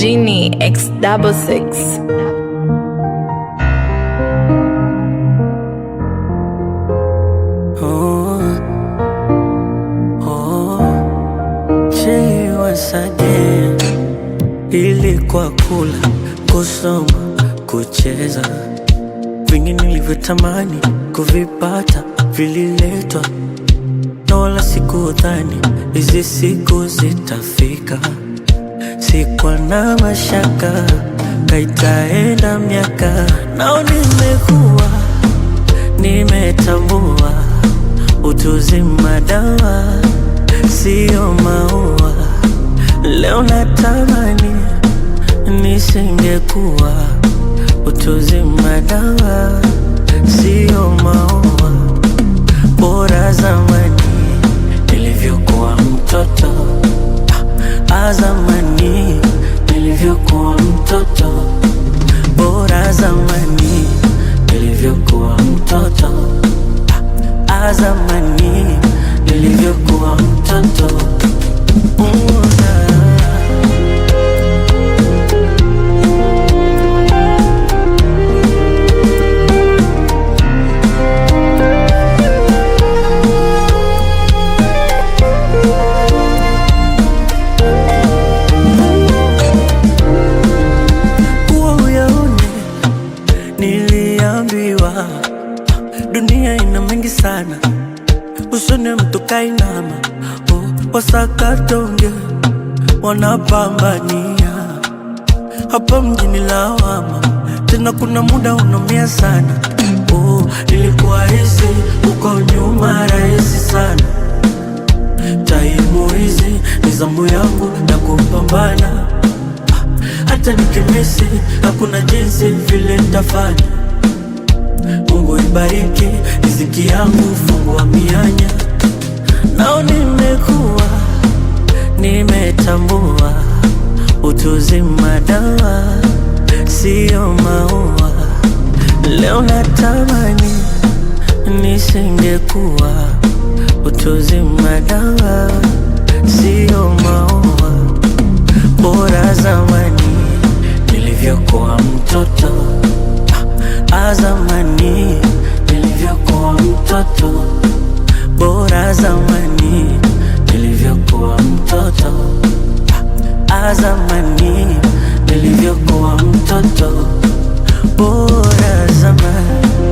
Genie X double six. Oh, oh, Ilikuwa kula, kusoma, kucheza, vingine nilivyotamani kuvipata vililetwa, na wala dhani hizi siku zitafika sikwa na mashaka kaitaenda miaka nao, nimekuwa nimetambua utuzi madawa sio maua. Leo natamani nisingekuwa utuzi madawa sio maua. nilivyokuwa mtoto bora zamani, nilivyokuwa mtoto azamani, ah, ah, nilivyokuwa mtoto Dunia ina mengi sana, usone mtu kainama, oh, wasakatonge wanapambania hapa mjini lawama, tena kuna muda unamia sana oh, ilikuwa hizi uko nyuma rahisi sana, taimu hizi ni zamu yangu na kupambana, hata nikimisi hakuna jinsi vile ntafanya Mungu ibariki riziki yangu, fungua mianya. Nao nimekuwa nimetambua, utuzi madawa siyo maua. Leo natamani nisingekuwa, utuzi madawa siyo maua. Bora zamani nilivyokuwa mtoto azamani nilivyokuwa mtoto bora zamani nilivyokuwa mtoto azamani nilivyokuwa mtoto bora zamani